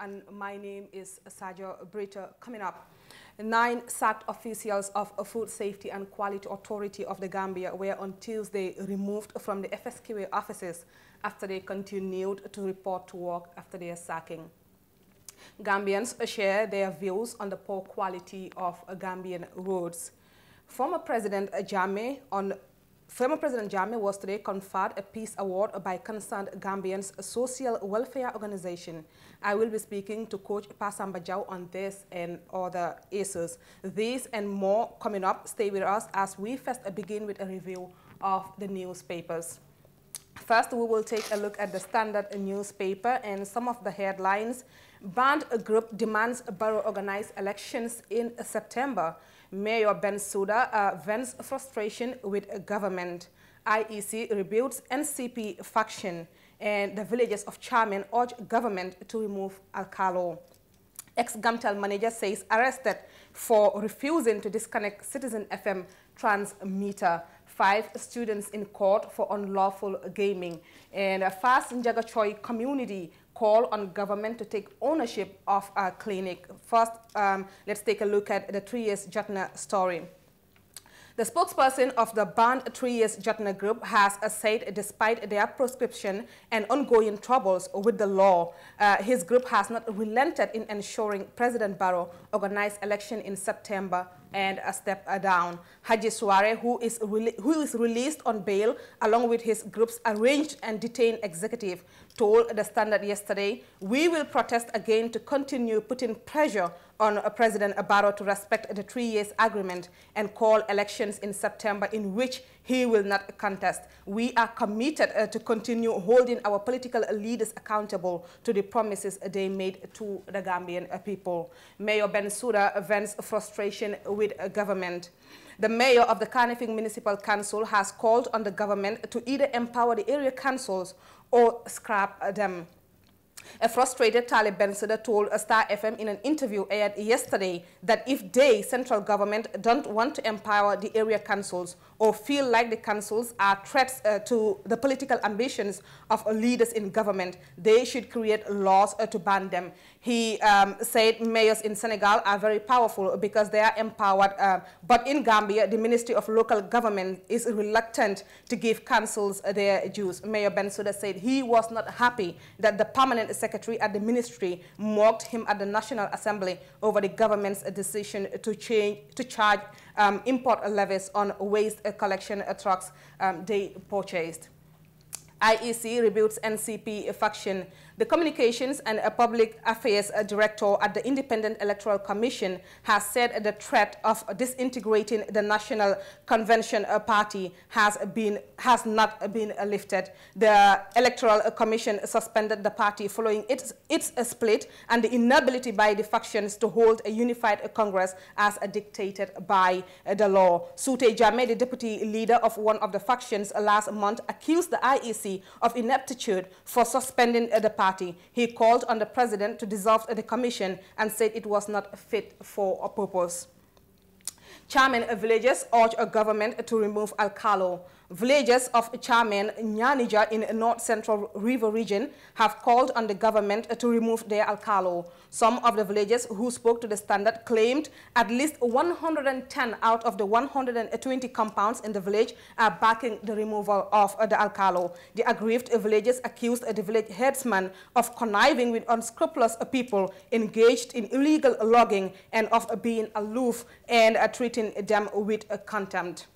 and my name is Sajo Brita. Coming up, nine sacked officials of Food Safety and Quality Authority of the Gambia were on Tuesday removed from the FSQA offices after they continued to report to work after their sacking. Gambians share their views on the poor quality of Gambian roads. Former President Jammeh on Former President Jammeh was today conferred a Peace Award by Concerned Gambians Social Welfare Organization. I will be speaking to Coach Pasamba Jau on this and other issues. These and more coming up. Stay with us as we first begin with a review of the newspapers. First, we will take a look at the Standard newspaper and some of the headlines. Banned group demands borough organized elections in September. Mayor Ben uh, vents frustration with government. IEC rebuilds NCP faction and the villagers of Charmin urge government to remove Alcalo. Ex-Gamtel manager says arrested for refusing to disconnect Citizen FM transmitter five students in court for unlawful gaming. And a Fast Njagachoy community call on government to take ownership of our clinic. First, um, let's take a look at the three years Jatna story. The spokesperson of the banned three years Jatna group has said despite their proscription and ongoing troubles with the law, uh, his group has not relented in ensuring President Barrow organized election in September and a step uh, down. Haji Suare, who is, who is released on bail along with his group's arranged and detained executive, told The Standard yesterday, we will protest again to continue putting pressure on uh, President Barrow to respect the three years agreement and call elections in September in which he will not contest. We are committed uh, to continue holding our political leaders accountable to the promises they made to the Gambian uh, people. Mayor Ben Suda vents frustration with a government. The mayor of the Carnifing Municipal Council has called on the government to either empower the area councils or scrap them. A frustrated Taliban Ben Sida told Star FM in an interview aired yesterday that if they, central government, don't want to empower the area councils or feel like the councils are threats uh, to the political ambitions of leaders in government, they should create laws uh, to ban them. He um, said mayors in Senegal are very powerful because they are empowered. Uh, but in Gambia, the Ministry of Local Government is reluctant to give councils their dues. Mayor Bensouda said he was not happy that the permanent secretary at the ministry mocked him at the National Assembly over the government's decision to, change, to charge um, import levies on waste collection trucks um, they purchased. IEC rebuilds NCP faction the Communications and uh, Public Affairs uh, Director at the Independent Electoral Commission has said the threat of disintegrating the National Convention uh, Party has, been, has not been lifted. The Electoral Commission suspended the party following its, its split and the inability by the factions to hold a unified Congress as dictated by the law. Sute Jame, the deputy leader of one of the factions last month, accused the IEC of ineptitude for suspending the party party. He called on the president to dissolve the commission and said it was not fit for a purpose. Chairman of Villages urged a government to remove Alcalo. Villagers of Charmen Nyanija in North Central River region have called on the government to remove their alkalo. Some of the villagers who spoke to the standard claimed at least 110 out of the 120 compounds in the village are backing the removal of the alkalo. The aggrieved villagers accused the village headsman of conniving with unscrupulous people engaged in illegal logging and of being aloof and treating them with contempt.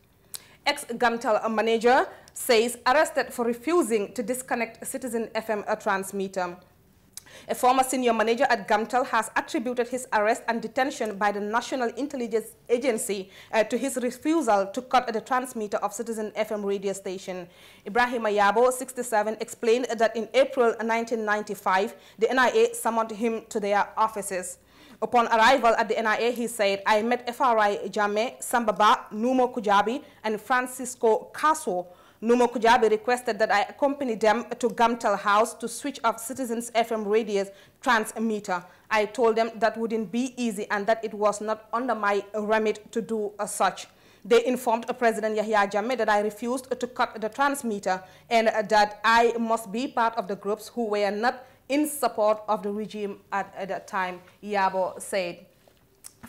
Ex-Gamtel manager says arrested for refusing to disconnect Citizen FM transmitter. A former senior manager at Gamtel has attributed his arrest and detention by the National Intelligence Agency uh, to his refusal to cut the transmitter of Citizen FM radio station. Ibrahim Ayabo, 67, explained that in April 1995, the NIA summoned him to their offices. Upon arrival at the NIA, he said, I met FRI Jame, Sambaba, Numo Kujabi, and Francisco Caso. Numo Kujabi requested that I accompany them to Gamtel House to switch off Citizens FM radio's transmitter. I told them that wouldn't be easy and that it was not under my remit to do uh, such. They informed President Yahya Jame that I refused to cut the transmitter and that I must be part of the groups who were not in support of the regime at, at that time, Yabo said.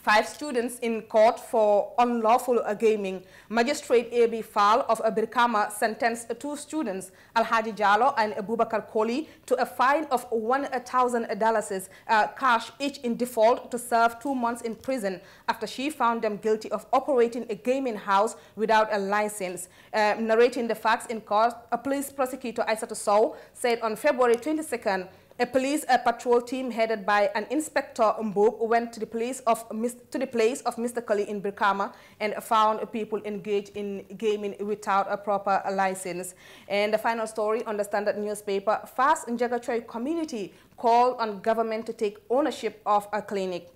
Five students in court for unlawful gaming. Magistrate A.B. Fal of Abirkama sentenced two students, Alhaji Jalo and Abubakar Koli, to a fine of $1,000 uh, cash each in default to serve two months in prison after she found them guilty of operating a gaming house without a license. Uh, narrating the facts in court, a police prosecutor, Aisata Sow, said on February 22nd, a police a patrol team headed by an inspector Mbub went to the place of to the place of Mr. Kali in Birkama and found people engaged in gaming without a proper license. And the final story on the Standard newspaper: Fast Njagachoy community called on government to take ownership of a clinic.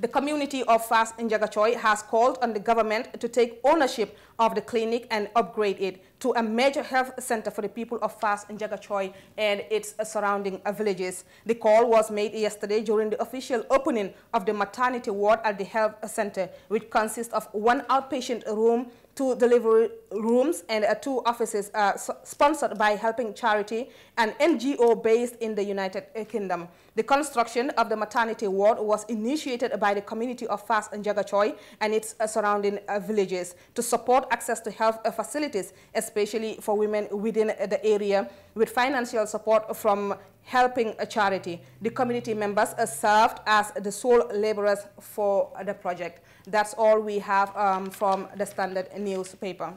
The community of Fast Njagachoy has called on the government to take ownership of the clinic and upgrade it to a major health center for the people of Fast Njagachoy and its surrounding villages. The call was made yesterday during the official opening of the maternity ward at the health center, which consists of one outpatient room, two delivery rooms, and uh, two offices uh, sponsored by Helping Charity, an NGO based in the United uh, Kingdom. The construction of the maternity ward was initiated by the community of Fas and Jagachoi and its uh, surrounding uh, villages to support access to health uh, facilities, especially for women within the area, with financial support from helping a charity. The community members served as the sole laborers for the project. That's all we have um, from the Standard newspaper.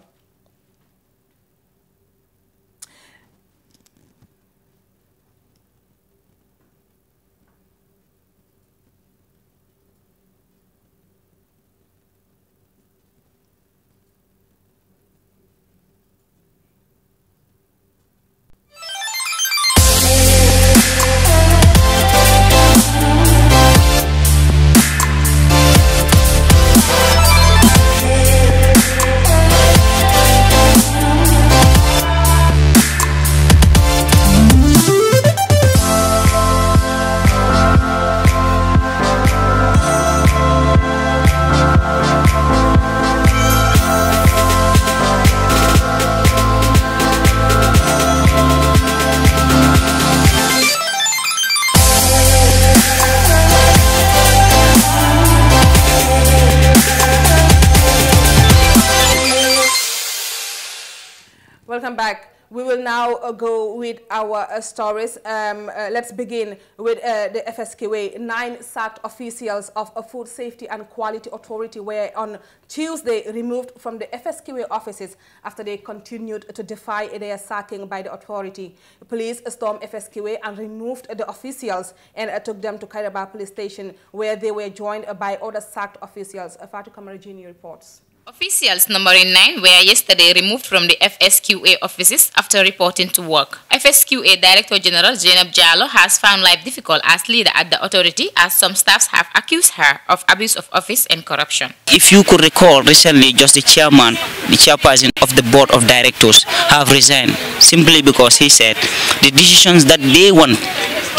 now uh, go with our uh, stories. Um, uh, let's begin with the FSQA. Nine sacked officials of Food Safety and Quality Authority were on Tuesday removed from the FSQA offices after they continued to defy their sacking by the authority. Police stormed FSQA and removed the officials and took them to Kairaba police station where they were joined by other sacked officials. Fatou Kamarajini reports. Officials number 9 were yesterday removed from the FSQA offices after reporting to work. FSQA Director General Zainab Jallo has found life difficult as leader at the authority as some staffs have accused her of abuse of office and corruption. If you could recall recently just the chairman, the chairperson of the board of directors have resigned simply because he said the decisions that they want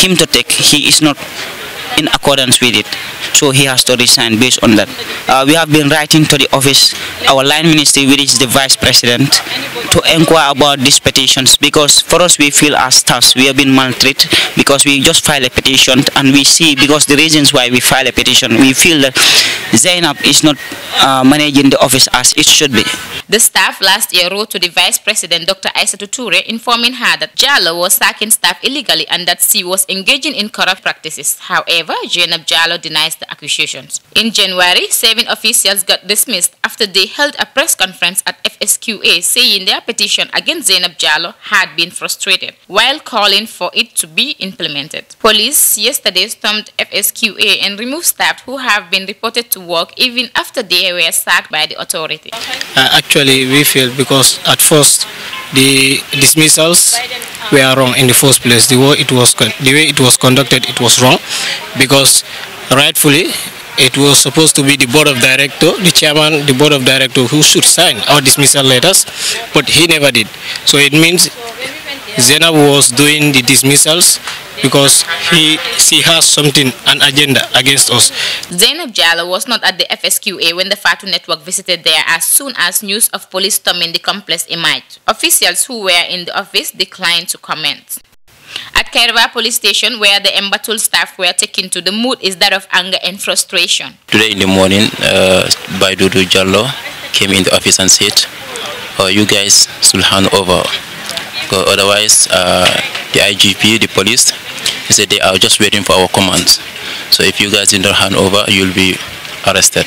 him to take he is not in accordance with it. So he has to resign based on that. Uh, we have been writing to the office, our line minister, which is the vice president, to inquire about these petitions because for us we feel as staffs we have been maltreated because we just file a petition and we see because the reasons why we file a petition we feel that Zainab is not uh, managing the office as it should be. The staff last year wrote to the Vice President Dr. Aissatou Toure informing her that Jalo was sacking staff illegally and that she was engaging in corrupt practices. However, However, Zainab Jallo denies the accusations. In January, seven officials got dismissed after they held a press conference at FSQA saying their petition against Zainab Jallo had been frustrated while calling for it to be implemented. Police yesterday stormed FSQA and removed staff who have been reported to work even after they were sacked by the authority. Uh, actually, we feel because at first the dismissals were wrong in the first place. The way it was the way it was conducted, it was wrong, because rightfully it was supposed to be the board of director, the chairman, the board of director who should sign our dismissal letters, but he never did. So it means Zainab was doing the dismissals because he she has something an agenda against us. Zainab Jalo was not at the FSQA when the Fatu network visited there as soon as news of police storming the complex emerged. Officials who were in the office declined to comment. At Kairwa police station where the Embatul staff were taken to, the mood is that of anger and frustration. Today in the morning, uh, Baidudu Jallo came in the office and said, oh, you guys should hand over otherwise uh, the IGP, the police, they said they are just waiting for our commands. So if you guys didn't hand over, you'll be arrested.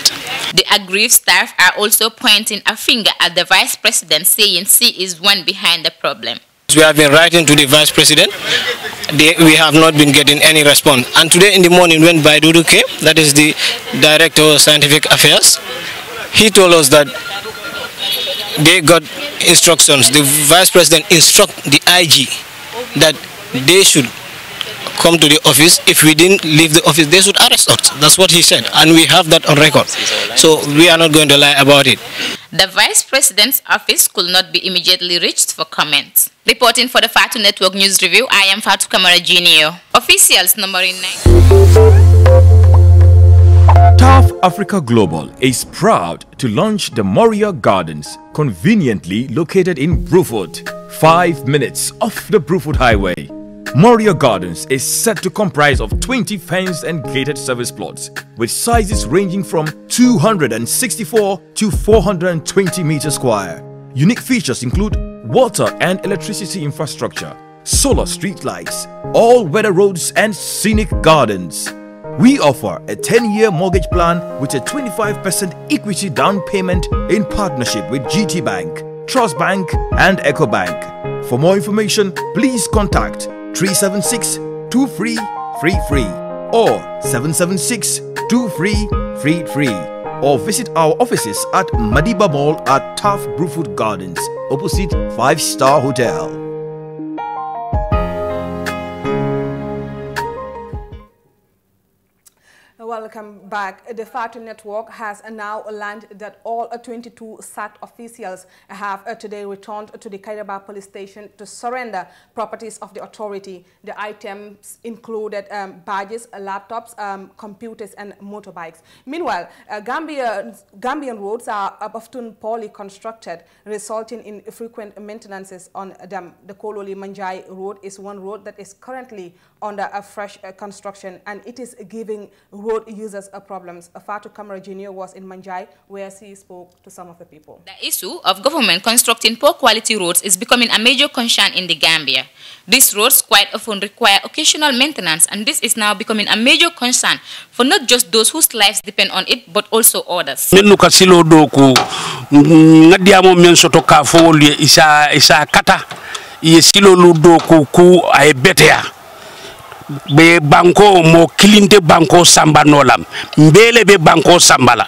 The aggrieved staff are also pointing a finger at the vice president, saying she is one behind the problem. We have been writing to the vice president. They, we have not been getting any response. And today in the morning when Baiduru came, that is the director of scientific affairs, he told us that they got instructions. The vice president instruct the IG that they should come to the office. If we didn't leave the office, they should arrest us. That's what he said, and we have that on record. So we are not going to lie about it. The vice president's office could not be immediately reached for comments. Reporting for the Fatu Network News Review, I am Fatu Kamara Jr. Officials numbering 9. TAF Africa Global is proud to launch the Moria Gardens, conveniently located in Bruford, 5 minutes off the Bruford Highway. Moria Gardens is set to comprise of 20 fenced and gated service plots with sizes ranging from 264 to 420 meters square. Unique features include water and electricity infrastructure, solar streetlights, all-weather roads and scenic gardens. We offer a 10-year mortgage plan with a 25% equity down payment in partnership with GT Bank, Trust Bank and Echo Bank. For more information, please contact 376-2333 or 776-2333 or visit our offices at Madiba Mall at Taft Brewfoot Gardens, opposite 5 Star Hotel. Welcome back. The FATU Network has now learned that all 22 sat officials have uh, today returned to the Kairaba police station to surrender properties of the authority. The items included um, badges, laptops, um, computers, and motorbikes. Meanwhile, uh, Gambian, Gambian roads are often poorly constructed, resulting in frequent maintenances on them. The Kololi Manjai Road is one road that is currently under a fresh uh, construction and it is giving road users uh, problems. Fatu Kamara Jr. was in Manjai where she spoke to some of the people. The issue of government constructing poor quality roads is becoming a major concern in the Gambia. These roads quite often require occasional maintenance and this is now becoming a major concern for not just those whose lives depend on it but also others. isa isa kata be banko mo kilinte banko samba nolam mbele be banko sambala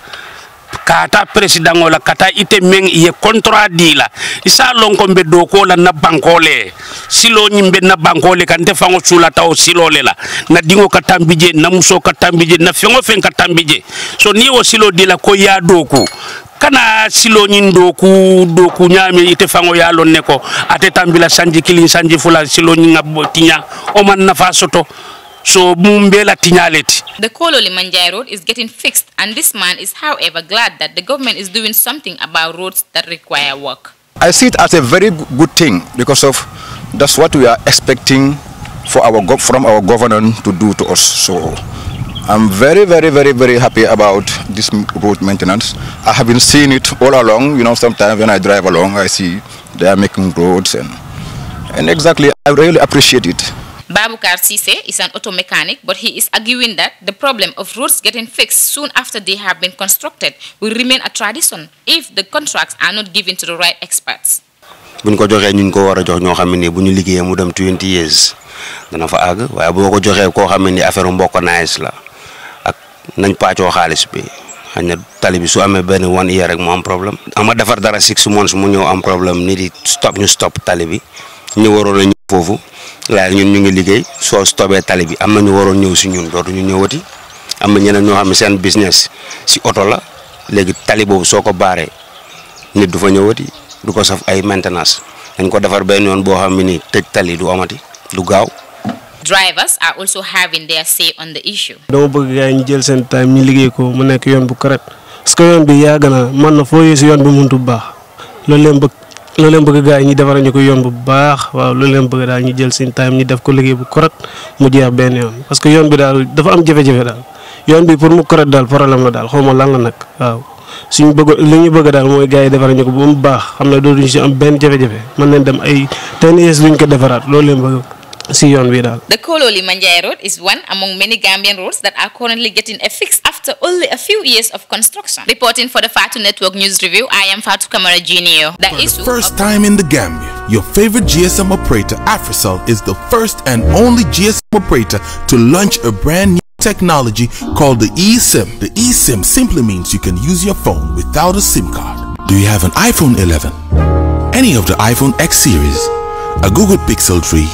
kata president la kata ite meng ye contrat di la isa lon be do ko la na banko le silo nyi be na banko le kan te fango sula taw silo le la na dingo katambije na muso katambije na fengo fen katambije so ni wo silo di la ko ya doku kana siloñin do ku do ku ñaami ite fango ya lon ko ate tambila sanji kilin sanji fula siloñin ngabbo tiña o man nafa soto so mumbela tiñaleti the kololi manjai road is getting fixed and this man is however glad that the government is doing something about roads that require work i see it as a very good thing because of that's what we are expecting for our from our government to do to us so I'm very, very, very, very happy about this road maintenance. I have been seeing it all along. You know, sometimes when I drive along, I see they are making roads and, and exactly, I really appreciate it. Babukar Sise is an auto mechanic, but he is arguing that the problem of roads getting fixed soon after they have been constructed will remain a tradition if the contracts are not given to the right experts. nañ paccoo xaalis bi xañ na tali bi su amee benn wan iya rek mu am problème ama defar dara six months mu ñëw am problème ni di stop ñu stop tali bi ñu waroon a ñëw foofu waaye ñun ñu ngi liggéey soo stopee tali bi am na ñu waroon ñëw si ñun dootuñu ñëwati am na ñeneen ñoo xam ne seen business si oto la léegi tali boobu soo ko baaree nit du fa ñëwati du ko saf ay maintenance dañ ko defar benn yoon boo xam ne nii tëj tali du amati du gaaw drivers are also having their say on the issue. Do bëgg gaay ñu jël seen time ñu liggéey ko mu nekk yoon bu correct parce que yoon bi yàgg na mën na foo yéesi yoon bi muntu baax loolu leen bëgg loolu leen bëgg gaay yi ñu defaral ñu ko yoon bu baax waaw loolu leen bëgg daal ñu jël seen time ñu def ko liggéey bu correct mu jeex benn yoon parce que yoon bi daal dafa am jafe-jafe daal yoon bi pour mu correct daal problème la daal xawma lan la nag waaw. suñu bëgg li ñu bëgg daal mooy gars yi defar ñu ko bu mu baax xam ne dootuñu si am benn jafe-jafe mën nañ dem ay ten years luñ ko defaraat loolu leen bëgg See you on daal. The Kololi Manjai Road is one among many Gambian roads that are currently getting a fix after only a few years of construction. Reporting for the Fatu Network News Review, I am Fatu Kamara Junior. The for the first time in the Gambia, your favorite GSM operator, Africell, is the first and only GSM operator to launch a brand new technology called the eSIM. The eSIM simply means you can use your phone without a SIM card. Do you have an iPhone 11? Any of the iPhone X series? a Google Pixel 3,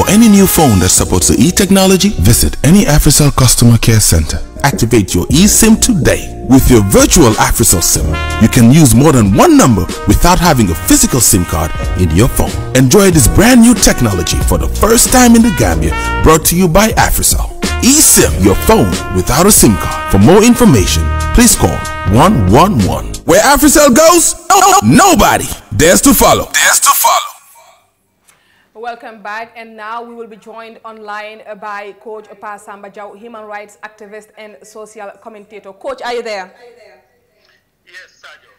or any new phone that supports the e-technology, visit any Africell customer care center. Activate your eSIM today. With your virtual Africell SIM, you can use more than one number without having a physical SIM card in your phone. Enjoy this brand new technology for the first time in the Gambia, brought to you by Africell. eSIM, your phone without a SIM card. For more information, please call 111. Where Africell goes, nobody dares to follow. Dares to follow. Welcome back. And now we will be joined online by Coach Opa Sambajau, human rights activist and social commentator. Coach, are you there? Are you there? Yes, Sajo.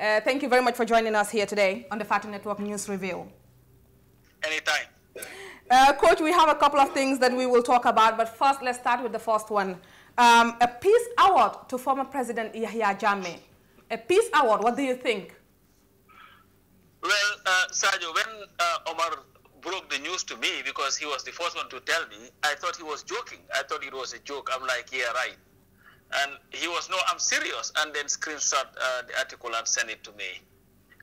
Uh, thank you very much for joining us here today on the Fatu Network News Review. Anytime. Uh, Coach, we have a couple of things that we will talk about, but first let's start with the first one. Um, a peace award to former President Yahya Jammeh. A peace award, what do you think? Well, uh, when uh, Omar broke the news to me because he was the first one to tell me. I thought he was joking. I thought it was a joke. I'm like, yeah, right. And he was, no, I'm serious. And then screenshot uh, the article and sent it to me.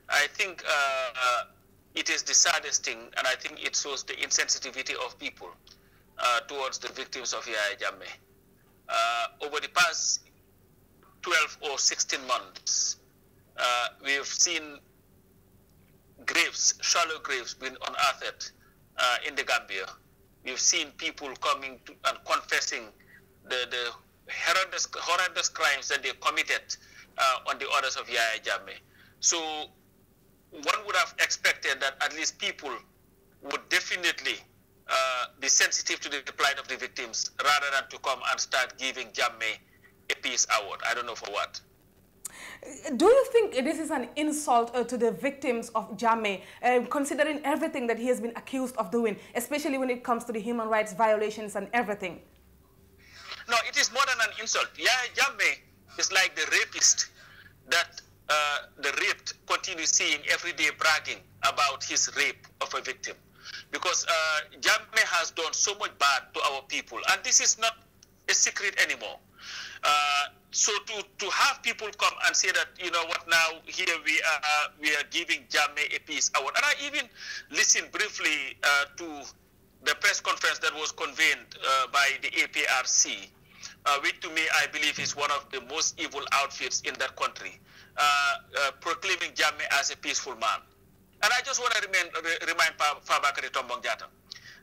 I think uh, uh, it is the saddest thing, and I think it shows the insensitivity of people uh, towards the victims of Yaya Jammeh. Uh, over the past 12 or 16 months, we've seen graves, shallow graves, been unearthed uh, in the Gambia. We've seen people coming to, and confessing the, the horrendous, horrendous crimes that they committed uh, on the orders of Yaya Jammeh. So one would have expected that at least people would definitely uh, be sensitive to the plight of the victims rather than to come and start giving Jammeh a peace award. I don't know for what. Do you think this is an insult uh, to the victims of Jammeh, uh, considering everything that he has been accused of doing, especially when it comes to the human rights violations and everything? No, it is more than an insult. Yeah, Jammeh is like the rapist that uh, the raped continues seeing every day bragging about his rape of a victim. Because uh, has done so much bad to our people, and this is not a secret anymore. Uh, so to, to have people come and say that you know what now here we are we are giving Jammeh a peace award, and I even listened briefly uh, to the press conference that was convened uh, by the APRC, uh, which to me I believe is one of the most evil outfits in that country, uh, proclaiming Jammeh as a peaceful man. And I just want to remind, remind Fabakari Tombong Jata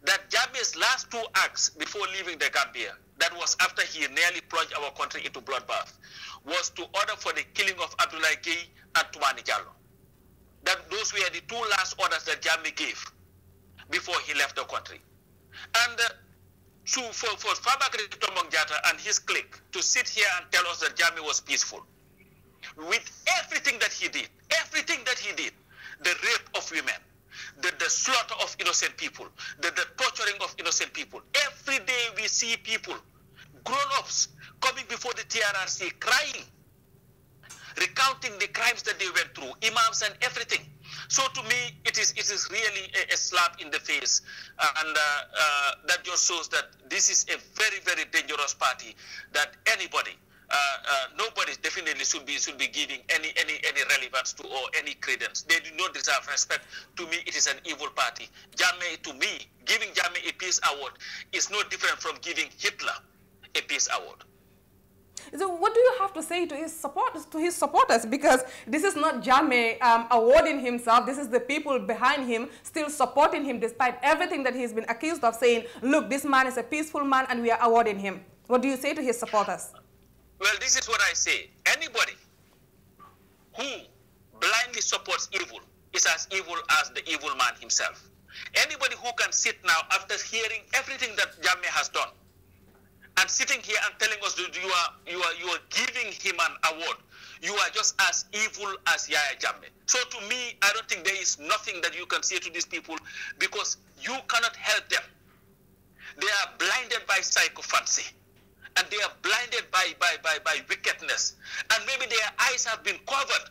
that Jammeh's last two acts before leaving the Gambia that was after he nearly plunged our country into bloodbath, was to order for the killing of Abdullah Gay and Tumani Jallo. That those were the two last orders that Jami gave before he left the country. And uh, so for, for Fabakri Tomongjata and his clique to sit here and tell us that Jami was peaceful, with everything that he did, everything that he did, the rape of women, the, the slaughter of innocent people, the, the torturing of innocent people. Every day we see people, grown-ups, coming before the TRRC crying, recounting the crimes that they went through, imams and everything. So to me, it is it is really a, a slap in the face, uh, and uh, uh, that just shows that this is a very very dangerous party that anybody uh, uh, nobody definitely should be should be giving any any any relevance to or any credence. They do not deserve respect. To me, it is an evil party. Jammeh, to me, giving Jammeh a peace award is no different from giving Hitler a peace award. So what do you have to say to his supporters? To his supporters, because this is not Jame um, awarding himself. This is the people behind him still supporting him, despite everything that he's been accused of saying. Look, this man is a peaceful man, and we are awarding him. What do you say to his supporters? Well, this is what I say. Anybody who blindly supports evil is as evil as the evil man himself. Anybody who can sit now after hearing everything that Jammeh has done and sitting here and telling us that you are, you are, you are giving him an award, you are just as evil as Yaya Jammeh. So to me, I don't think there is nothing that you can say to these people because you cannot help them. They are blinded by psychophancy and they are blinded by, by, by, by wickedness. And maybe their eyes have been covered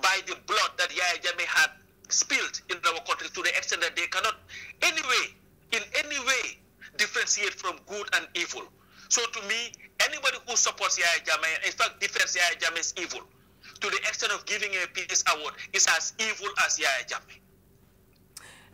by the blood that Yahya Jammeh had spilled in our country to the extent that they cannot anyway, in any way, differentiate from good and evil. So to me, anybody who supports Yahya Jammeh, in fact, defends Yahya Jammeh is evil. To the extent of giving a peace award is as evil as Yahya Jammeh.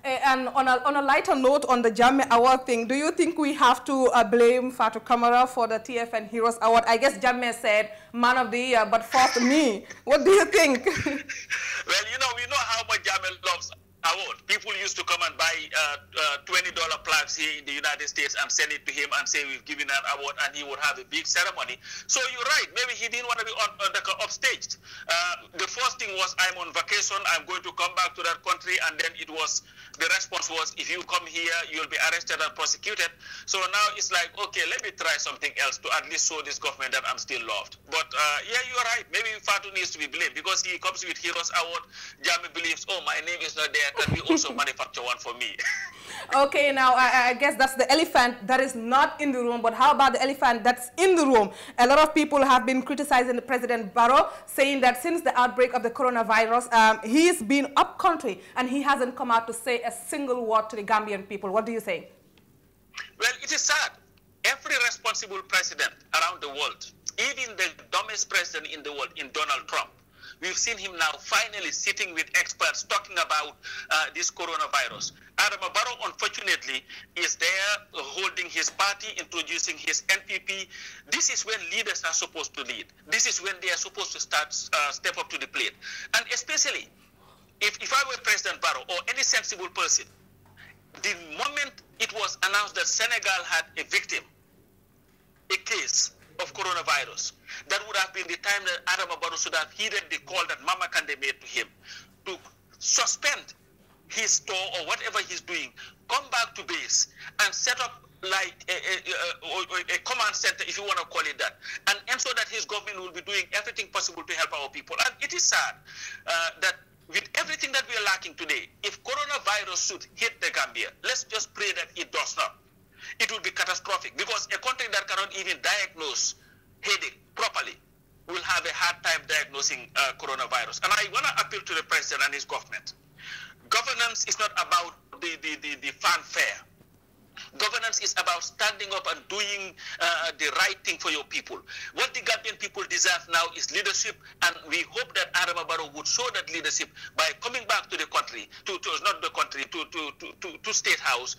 Eh, and on a, on a lighter note, on the Jamme Award thing, do you think we have to uh, blame Fatu Kamara for the TFN Heroes Award? I guess Jamme said man of the year, but for me. What do you think? well, you know, we know how much Jamme loves award. People used to come and buy uh, uh, $20 plaques here in the United States and send it to him and say, we've given an award, and he would have a big ceremony. So you're right. Maybe he didn't want to be on, on the, upstaged. Uh, the first thing was, I'm on vacation. I'm going to come back to that country. And then it was, the response was, if you come here, you'll be arrested and prosecuted. So now it's like, okay, let me try something else to at least show this government that I'm still loved. But uh, yeah, you're right. Maybe Fatu needs to be blamed because he comes with Heroes Award. Jami believes, oh, my name is not there can also manufacture one for me. okay, now I, I, guess that's the elephant that is not in the room, but how about the elephant that's in the room? A lot of people have been criticizing President Barrow, saying that since the outbreak of the coronavirus, um, he's been up country and he hasn't come out to say a single word to the Gambian people. What do you say? Well, it is sad. Every responsible president around the world, even the dumbest president in the world, in Donald Trump, We've seen him now finally sitting with experts talking about uh, this coronavirus. Adam Barrow, unfortunately, is there holding his party, introducing his NPP. This is when leaders are supposed to lead. This is when they are supposed to start uh, step up to the plate. And especially, if, if I were President Barrow or any sensible person, the moment it was announced that Senegal had a victim, a case, of coronavirus. That would have been the time that Adam Abaro should have heeded the call that Mama Kande made to him to suspend his store or whatever he's doing, come back to base and set up like a, a, a, a, command center, if you want to call it that, and ensure that his government will be doing everything possible to help our people. And it is sad uh, that with everything that we are lacking today, if coronavirus should hit the Gambia, let's just pray that it does not it will be catastrophic because a country that cannot even diagnose headache properly will have a hard time diagnosing uh, coronavirus. And I want to appeal to the president and his government. Governance is not about the, the, the, the fanfare. Governance is about standing up and doing uh, the right thing for your people. What the Gambian people deserve now is leadership, and we hope that Adam would show that leadership by coming back to the country, to, to not the country, to, to, to, to, to State House,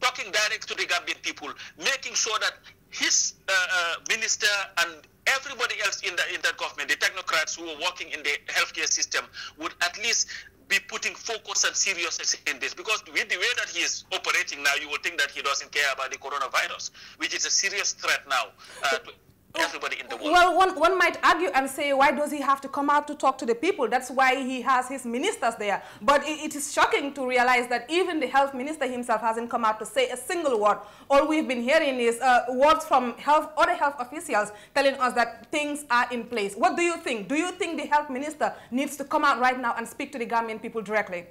talking direct to the Gambian people, making sure that his uh, uh, minister and everybody else in the in that government, the technocrats who are working in the healthcare system, would at least be putting focus and seriousness in this because with the way that he is operating now, you would think that he doesn't care about the coronavirus, which is a serious threat now uh, to Oh, everybody in the world. Well, one, one might argue and say, why does he have to come out to talk to the people? That's why he has his ministers there. But it, it is shocking to realize that even the health minister himself hasn't come out to say a single word. All we've been hearing is uh, words from health, other health officials telling us that things are in place. What do you think? Do you think the health minister needs to come out right now and speak to the Gambian people directly?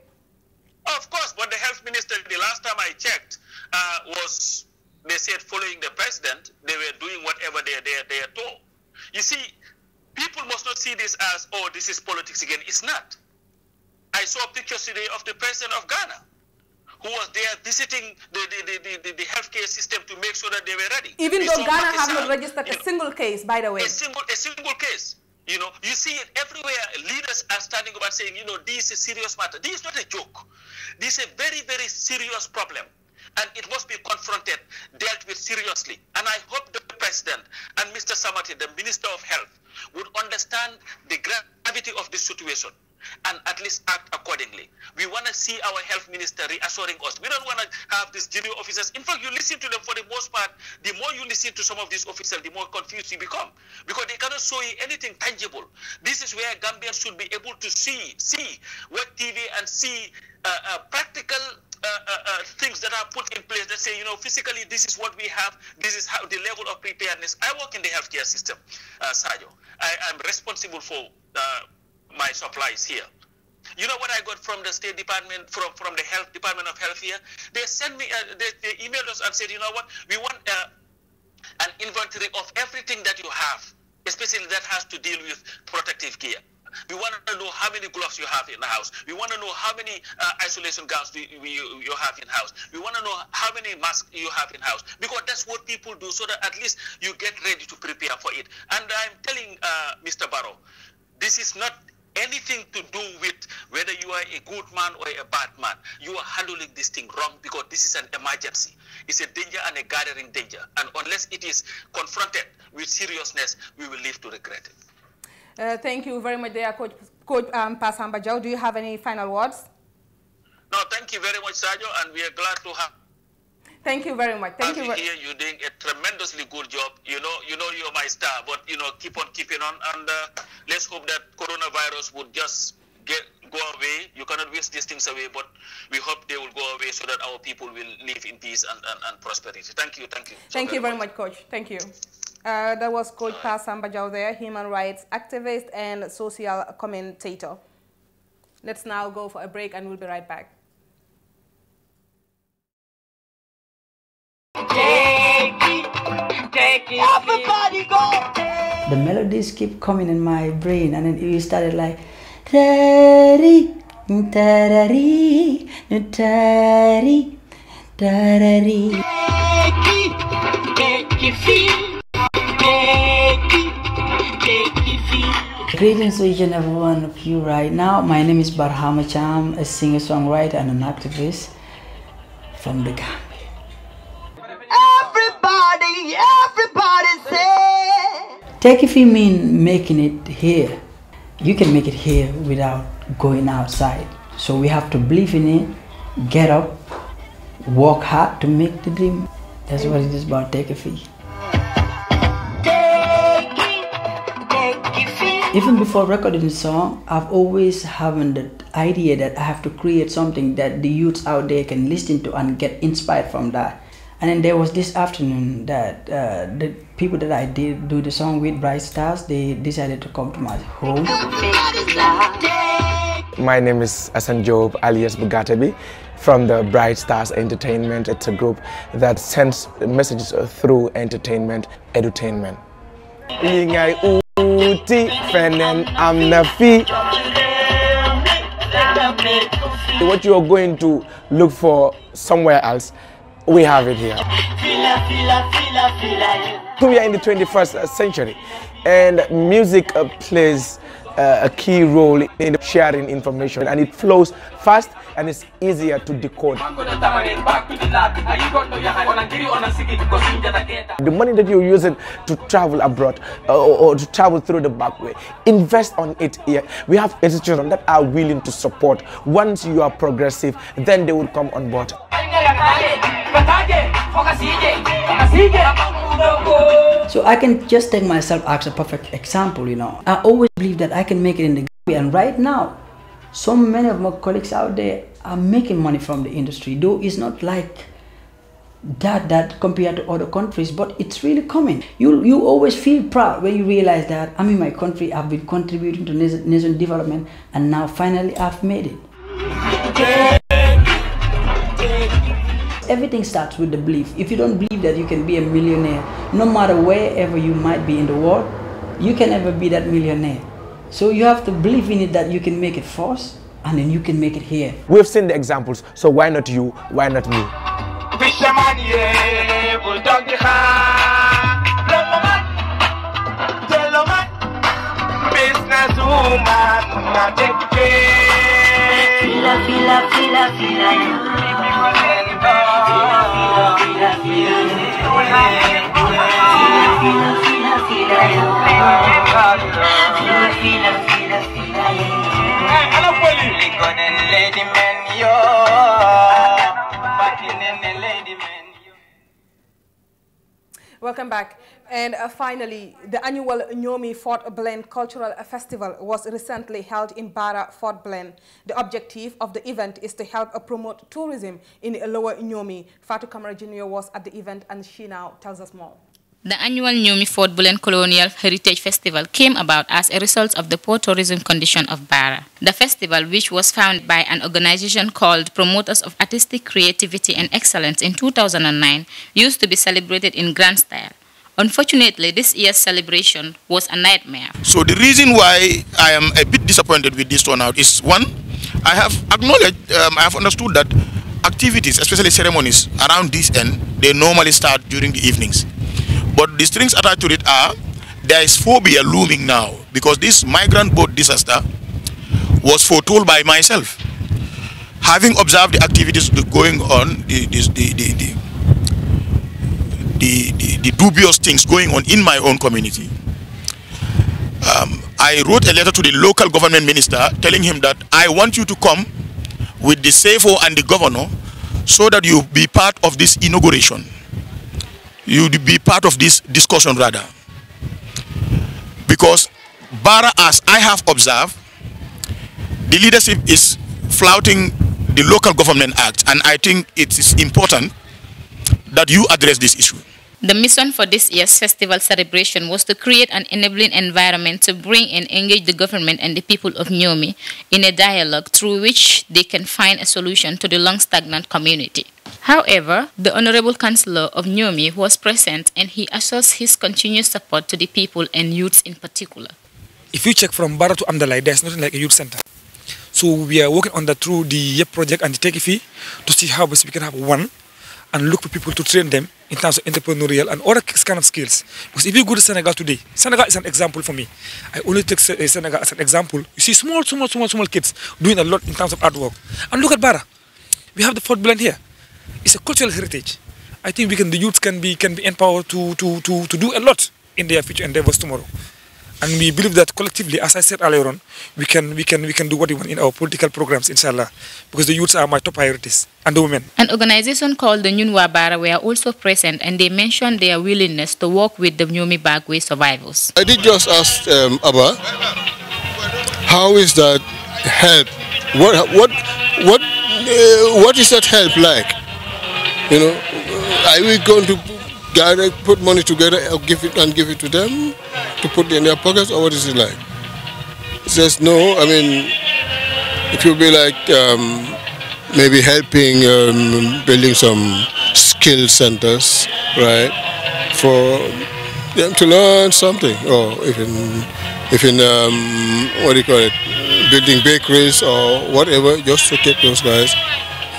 Of course, but the health minister, the last time I checked, uh, was they said following the president, they were doing whatever they, they, they are told. You see, people must not see this as, oh, this is politics again. It's not. I saw pictures today of the president of Ghana who was there visiting the, the, the, the, the healthcare system to make sure that they were ready. Even though Ghana has have not registered a single case, by the way. A single, a single case. You know, you see it everywhere. Leaders are standing up and saying, you know, this is a serious matter. This is not a joke. This is a very, very serious problem and it must be confronted, dealt with seriously. And I hope the President and Mr. Samati, the Minister of Health, would understand the gravity of this situation and at least act accordingly. We want to see our health minister reassuring us. We don't want to have these junior officers. In fact, you listen to them for the most part. The more you listen to some of these officers, the more confused you become because they cannot show you anything tangible. This is where Gambia should be able to see, see what TV and see uh, uh, practical uh, uh, uh, things that are put in place that say, you know, physically this is what we have, this is how the level of preparedness. I work in the healthcare system, uh, I, am responsible for uh, my supplies here. You know what I got from the State Department, from, from the Health Department of Health here? They sent me, they, they, emailed us and said, you know what, we want an inventory of everything that you have, especially that has to deal with protective gear. We want to know how many gloves you have in the house. We want to know how many uh, isolation gowns you have in house. We want to know how many masks you have in house because that's what people do so that at least you get ready to prepare for it. And I'm telling uh, Mr. Barrow, this is not anything to do with whether you are a good man or a bad man. You are handling this thing wrong because this is an emergency. It's a danger and a gathering danger. And unless it is confronted with seriousness, we will live to regret it. Uh, thank you very much there, Coach, Coach um, Pasamba Joe. Do you have any final words? No, thank you very much, Sergio, and we are glad to have Thank you very much. Thank As you. Here, you're doing a tremendously good job. You know, you know, you're my star. But you know, keep on keeping on, and uh, let's hope that coronavirus would just get go away. You cannot waste these things away, but we hope they will go away so that our people will live in peace and, and, and prosperity. Thank you, thank you. So thank you very much. much, Coach. Thank you. Uh, that was Coach Pa Sambajao there, human rights activist and social commentator. Let's now go for a break and we'll be right back. Everybody go! The melodies keep coming in my brain and then you started like Tari, tarari, tarari, tarari. Take it, take it, feel. Greetings to each and every one of you right now. My name is Barhama Cham, a singer, songwriter, and an activist from the Gambia. Everybody, everybody say. Take if you mean making it here. You can make it here without going outside. So we have to believe in it, get up, work hard to make the dream. That's what it is about. Take a fee. Even before recording the song, I've always having the idea that I have to create something that the youths out there can listen to and get inspired from that. And then there was this afternoon that uh, the people that I did do the song with, Bright Stars, they decided to come to my home. My name is Asan Job, alias Bugatabi, from the Bright Stars Entertainment. It's a group that sends messages through entertainment, edutainment. What you are going to look for somewhere else, we have it here. We are in the 21st century and music uh, plays uh, a key role in the sharing information and it flows fast and it's easier to decode. The money that you're using to travel abroad uh, or to travel through the back way, invest on it here. We have institutions that are willing to support. Once you are progressive, then they will come on board. So I can just take myself as a perfect example, you know. I always believe that I can make it in the and right now, so many of my colleagues out there are making money from the industry, though it's not like that that compared to other countries but it's really coming you you always feel proud when you realize that i'm in my country i've been contributing to nation, nation development and now finally i've made it everything starts with the belief if you don't believe that you can be a millionaire no matter wherever you might be in the world you can never be that millionaire so you have to believe in it that you can make it first and then you can make it here. We've seen the examples, so why not you? Why not me? Welcome back. And uh, finally, the annual Nyomi Fort Blend Cultural Festival was recently held in Bara Fort Blend. The objective of the event is to help uh, promote tourism in Lower Nyomi. Fatu Kamara Jr. was at the event and she now tells us more. The annual Nyumi Fort Bulen Colonial Heritage Festival came about as a result of the poor tourism condition of Bara. The festival, which was founded by an organization called Promoters of Artistic Creativity and Excellence in 2009, used to be celebrated in grand style. Unfortunately, this year's celebration was a nightmare. So the reason why I am a bit disappointed with this turnout is one, I have acknowledged, um, I have understood that activities, especially ceremonies around this end, they normally start during the evenings. But the strings attached to it are there is phobia looming now because this migrant boat disaster was foretold by myself. Having observed the activities going on, the, the, the, the, dubious things going on in my own community, um, I wrote a letter to the local government minister telling him that I want you to come with the CFO and the governor so that you be part of this inauguration you'd be part of this discussion rather. Because Bara, as I have observed, the leadership is flouting the Local Government Act and I think it is important that you address this issue. The mission for this year's festival celebration was to create an enabling environment to bring and engage the government and the people of Nyomi in a dialogue through which they can find a solution to the long stagnant community. However, the Honorable Councillor of Nyomi was present and he assures his continued support to the people and youths in particular. If you check from Bara to Amdalai, there's nothing like a youth center. So we are working on that through the YEP project and the fee to see how we can have one and look for people to train them in terms of entrepreneurial and other kind of skills. Because if you go to Senegal today, Senegal is an example for me. I only take eh, Senegal as an example. You see small, small, small, small kids doing a lot in terms of artwork. And look at Bara. We have the Fort Blend here. It's a cultural heritage. I think we can, the youth can be, can be empowered to, to, to, to do a lot in their future endeavors tomorrow. And we believe that collectively, as I said earlier on, we can, we can, we can do what we want in our political programs, inshallah, because the youths are my top priorities, and the women. An organization called the Nyunwa Bara were also present, and they mentioned their willingness to work with the Nyumi Bagwe survivors. I did just ask um, Abba, how is that help? What, what, what, uh, what is that help like? You know, are we going to direct, put money together or give it and give it to them to put in their pockets, or what is it like? He says no. I mean, it will be like um, maybe helping um, building some skill centers, right, for them to learn something, or even if in um, what do you call it, building bakeries or whatever, just to keep those guys,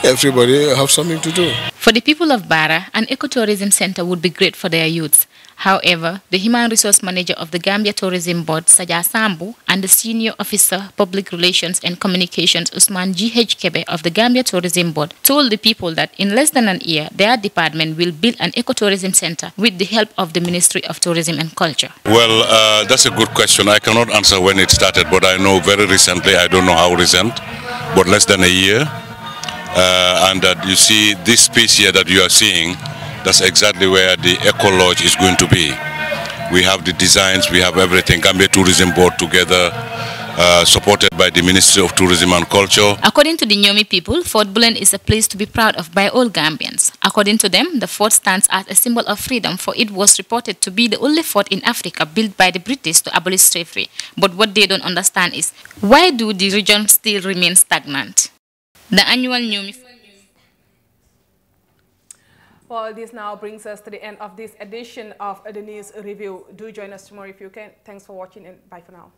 everybody have something to do. For the people of Bara, an ecotourism center would be great for their youths. However, the human resource manager of the Gambia Tourism Board, Saja Sambu, and the senior officer, public relations and communications, Usman G.H. Kebe of the Gambia Tourism Board, told the people that in less than an year, their department will build an ecotourism center with the help of the Ministry of Tourism and Culture. Well, uh, that's a good question. I cannot answer when it started, but I know very recently, I don't know how recent, but less than a year, uh, and that you see this space here that you are seeing, that's exactly where the Eco Lodge is going to be. We have the designs, we have everything. Gambia Tourism Board together, uh, supported by the Ministry of Tourism and Culture. According to the Nyomi people, Fort Bulen is a place to be proud of by all Gambians. According to them, the fort stands as a symbol of freedom for it was reported to be the only fort in Africa built by the British to abolish slavery. But what they don't understand is, why do the region still remain stagnant? The annual new. Well, this now brings us to the end of this edition of the News Review. Do join us tomorrow if you can. Thanks for watching and bye for now.